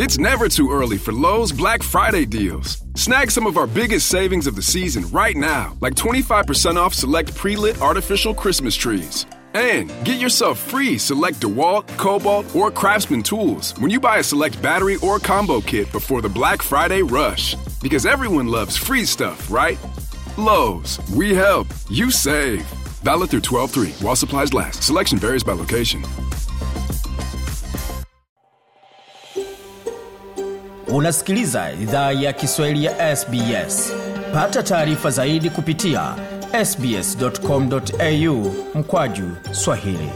It's never too early for Lowe's Black Friday deals. Snag some of our biggest savings of the season right now, like 25% off select pre lit artificial Christmas trees. And get yourself free select DeWalt, Cobalt, or Craftsman tools when you buy a select battery or combo kit before the Black Friday rush. Because everyone loves free stuff, right? Lowe's, we help, you save. Valid through 12 3 while supplies last. Selection varies by location. unasikiliza idhaa ya kiswahili ya sbs pata taarifa zaidi kupitia sbscomau mkwaju swahili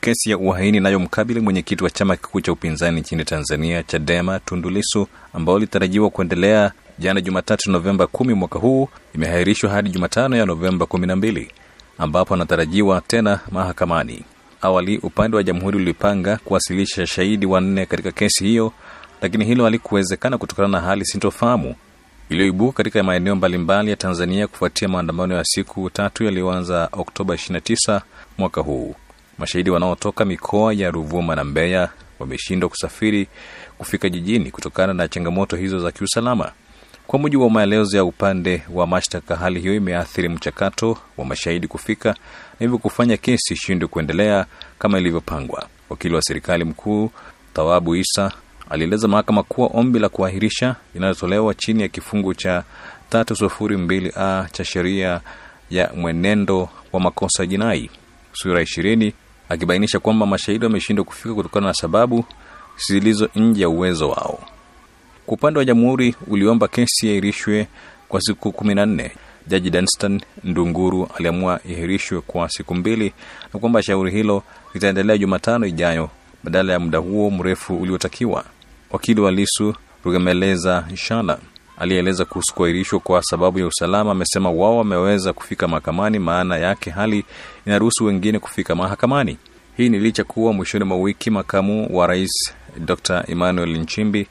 kesi ya uhaini inayomkabili mwenyekiti wa chama kikuu cha upinzani nchini tanzania chadema tundulisu ambayo ilitarajiwa kuendelea jana jumatatu novemba 1 mwaka huu imehairishwa hadi jumatano ya novemba 12 ambapo anatarajiwa tena mahakamani Awali upande wa jamhuri ulipanga kuwasilisha shahidi wanne katika kesi hiyo, lakini hilo halikuwezekana kutokana na hali sintofahamu iliyoibuka katika maeneo mbalimbali ya Tanzania kufuatia maandamano ya siku tatu yaliyoanza Oktoba 29 mwaka huu. Mashahidi wanaotoka mikoa ya Ruvuma na Mbeya wameshindwa kusafiri kufika jijini kutokana na changamoto hizo za kiusalama. Kwa mujibu wa maelezo ya upande wa mashtaka, hali hiyo imeathiri mchakato wa mashahidi kufika na hivyo kufanya kesi ishindwe kuendelea kama ilivyopangwa. Wakili wa serikali mkuu Thawabu Isa alieleza mahakama kuwa ombi la kuahirisha linalotolewa chini ya kifungu cha 302a cha sheria ya mwenendo wa makosa jinai sura 20, akibainisha kwamba mashahidi wameshindwa kufika kutokana na sababu zilizo nje ya uwezo wao. Kwa upande wa jamhuri uliomba kesi iahirishwe kwa siku kumi na nne. Jaji Danstan Ndunguru aliamua ihirishwe kwa siku mbili na kwamba shauri hilo litaendelea Jumatano ijayo badala ya muda huo mrefu uliotakiwa. Wakili wa Lisu Rugemeleza Shala aliyeeleza kuhusu kuahirishwa kwa sababu ya usalama amesema wao wameweza kufika mahakamani, maana yake hali inaruhusu wengine kufika mahakamani. Hii ni licha kuwa mwishoni mwa wiki makamu wa rais Dr Emmanuel Nchimbi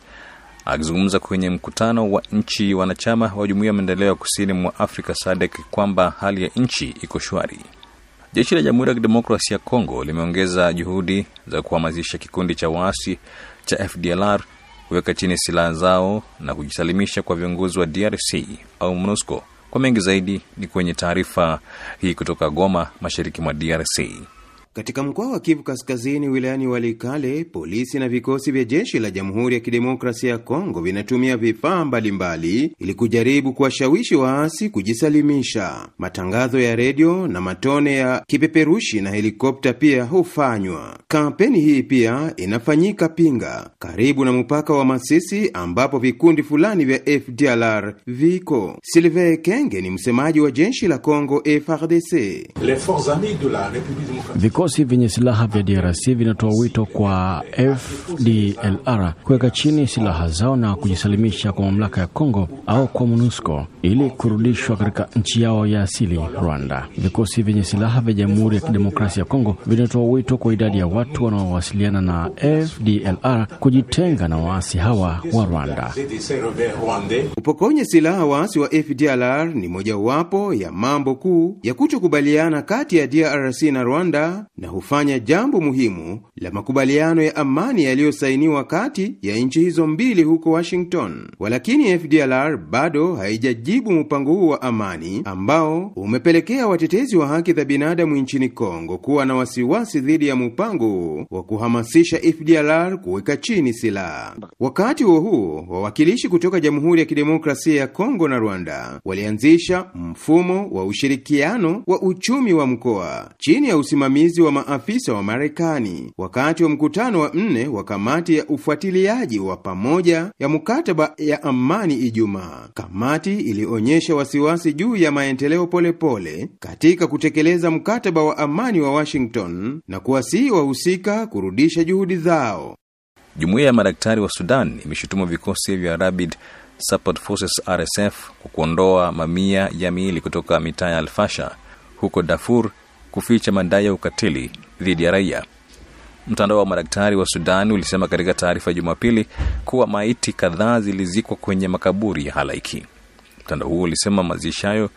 Akizungumza kwenye mkutano wa nchi wanachama wa jumuia ya maendeleo ya kusini mwa Afrika sadek kwamba hali ya nchi iko shwari. Jeshi la Jamhuri ya Kidemokrasia ya Kongo limeongeza juhudi za kuhamasisha kikundi cha waasi cha FDLR kuweka chini silaha zao na kujisalimisha kwa viongozi wa DRC au MONUSCO. Kwa mengi zaidi ni kwenye taarifa hii kutoka Goma, mashariki mwa DRC. Katika mkoa wa Kivu Kaskazini, wilayani Walikale, polisi na vikosi vya jeshi la Jamhuri ya Kidemokrasia ya Kongo vinatumia vifaa mbalimbali ili kujaribu kuwashawishi waasi kujisalimisha. Matangazo ya redio na matone ya kipeperushi na helikopta pia hufanywa. Kampeni hii pia inafanyika Pinga, karibu na mpaka wa Masisi, ambapo vikundi fulani vya FDLR viko. Silve Kenge ni msemaji wa jeshi la Kongo frdc Vikosi vyenye silaha vya DRC vinatoa wito kwa FDLR kuweka chini silaha zao na kujisalimisha kwa mamlaka ya Kongo au kwa MONUSCO ili kurudishwa katika nchi yao ya asili Rwanda. Vikosi vyenye silaha vya Jamhuri ya Kidemokrasia ya Kongo vinatoa wito kwa idadi ya watu wanaowasiliana na FDLR kujitenga na waasi hawa wa Rwanda. Upokonye silaha waasi wa FDLR ni mojawapo ya mambo kuu ya kutokubaliana kati ya DRC na Rwanda na hufanya jambo muhimu la makubaliano ya amani yaliyosainiwa kati ya nchi hizo mbili huko Washington. Walakini FDLR bado haijajibu mpango huu wa amani ambao umepelekea watetezi wa haki za binadamu nchini Kongo kuwa na wasiwasi dhidi ya mpango huu wa kuhamasisha FDLR kuweka chini silaha. Wakati huo huo, wawakilishi kutoka Jamhuri ya Kidemokrasia ya Kongo na Rwanda walianzisha mfumo wa ushirikiano wa uchumi wa mkoa chini ya usimamizi wa wa maafisa wa Marekani wakati wa mkutano wa nne wa kamati ya ufuatiliaji wa pamoja ya mkataba ya amani Ijumaa. Kamati ilionyesha wasiwasi juu ya maendeleo polepole katika kutekeleza mkataba wa amani wa Washington na kuwasihi wahusika kurudisha juhudi zao. Jumuiya ya madaktari wa Sudan imeshutumu vikosi vya Rapid Support Forces RSF kwa kuondoa mamia ya miili kutoka mitaa ya Alfasha huko Darfur kuficha madai ya ukatili dhidi ya raia. Mtandao wa madaktari wa Sudan ulisema katika taarifa Jumapili kuwa maiti kadhaa zilizikwa kwenye makaburi ya halaiki. Mtandao huo ulisema mazishi hayo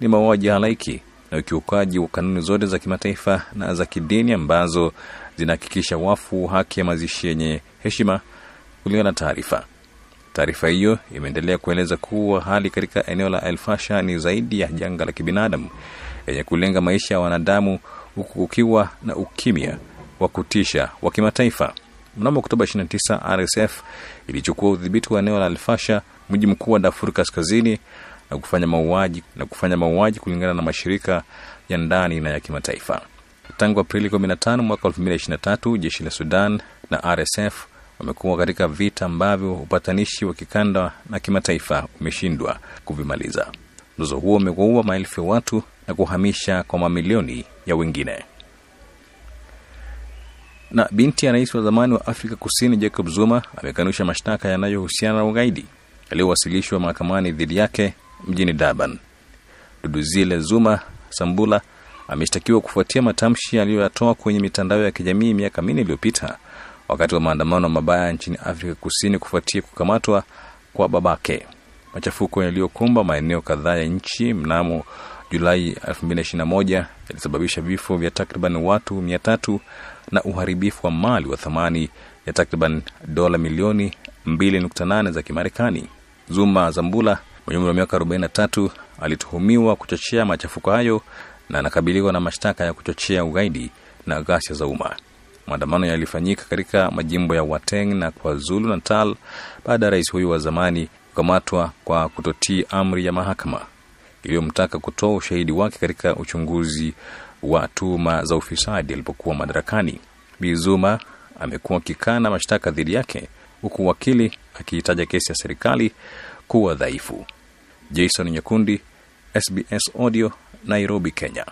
ni mauaji ya halaiki na ukiukaji wa kanuni zote za kimataifa na za kidini ambazo zinahakikisha wafu haki ya mazishi yenye heshima, kulingana na taarifa. Taarifa hiyo imeendelea kueleza kuwa hali katika eneo la El ni zaidi ya janga la kibinadamu yenye kulenga maisha ya wanadamu huku kukiwa na ukimya wa kutisha wa kimataifa. Mnamo Oktoba 29 RSF ilichukua udhibiti wa eneo la Alfasha, mji mkuu wa Darfur Kaskazini, na kufanya mauaji na kufanya mauaji kulingana na mashirika ya ndani na ya kimataifa. Tangu Aprili 15 mwaka 2023, jeshi la Sudan na RSF wamekuwa katika vita ambavyo upatanishi wa kikanda na kimataifa umeshindwa kuvimaliza. Mzozo huo umewaua maelfu ya watu na kuhamisha kwa mamilioni ya wengine na binti ya rais wa zamani wa Afrika Kusini Jacob Zuma amekanusha mashtaka yanayohusiana na ugaidi yaliyowasilishwa mahakamani dhidi yake mjini Durban. Duduzile Zuma Sambula ameshtakiwa kufuatia matamshi aliyoyatoa kwenye mitandao ya kijamii miaka minne iliyopita wakati wa maandamano mabaya nchini Afrika Kusini kufuatia kukamatwa kwa babake. Machafuko yaliyokumba maeneo kadhaa ya nchi mnamo Julai 2021 yalisababisha vifo vya takriban watu 300 na uharibifu wa mali wa thamani ya takriban dola milioni 2.8 za Kimarekani. Zuma Zambula mwenye umri wa miaka 43 alituhumiwa kuchochea machafuko hayo na anakabiliwa na mashtaka ya kuchochea ugaidi na ghasia za umma. Maandamano yalifanyika katika majimbo ya Wateng na KwaZulu Natal baada ya rais huyu wa zamani kukamatwa kwa kutotii amri ya mahakama iliyomtaka kutoa ushahidi wake katika uchunguzi wa tuhuma za ufisadi alipokuwa madarakani. Bizuma amekuwa akikana mashtaka dhidi yake huku wakili akiitaja kesi ya serikali kuwa dhaifu. Jason Nyekundi, SBS Audio, Nairobi, Kenya.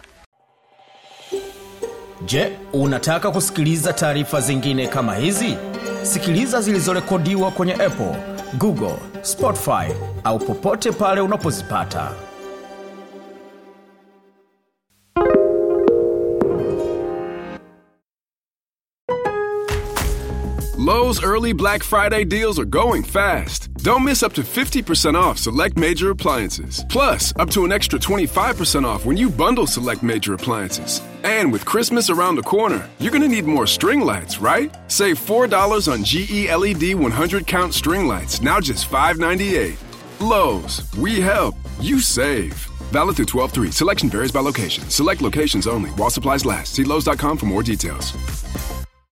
Je, unataka kusikiliza taarifa zingine kama hizi? Sikiliza zilizorekodiwa kwenye Apple, Google, Spotify au popote pale unapozipata. Lowe's early Black Friday deals are going fast. Don't miss up to 50% off select major appliances. Plus, up to an extra 25% off when you bundle select major appliances. And with Christmas around the corner, you're going to need more string lights, right? Save $4 on GE LED 100 count string lights, now just $5.98. Lowe's, we help, you save. Valid through 12 3. Selection varies by location. Select locations only, while supplies last. See Lowe's.com for more details.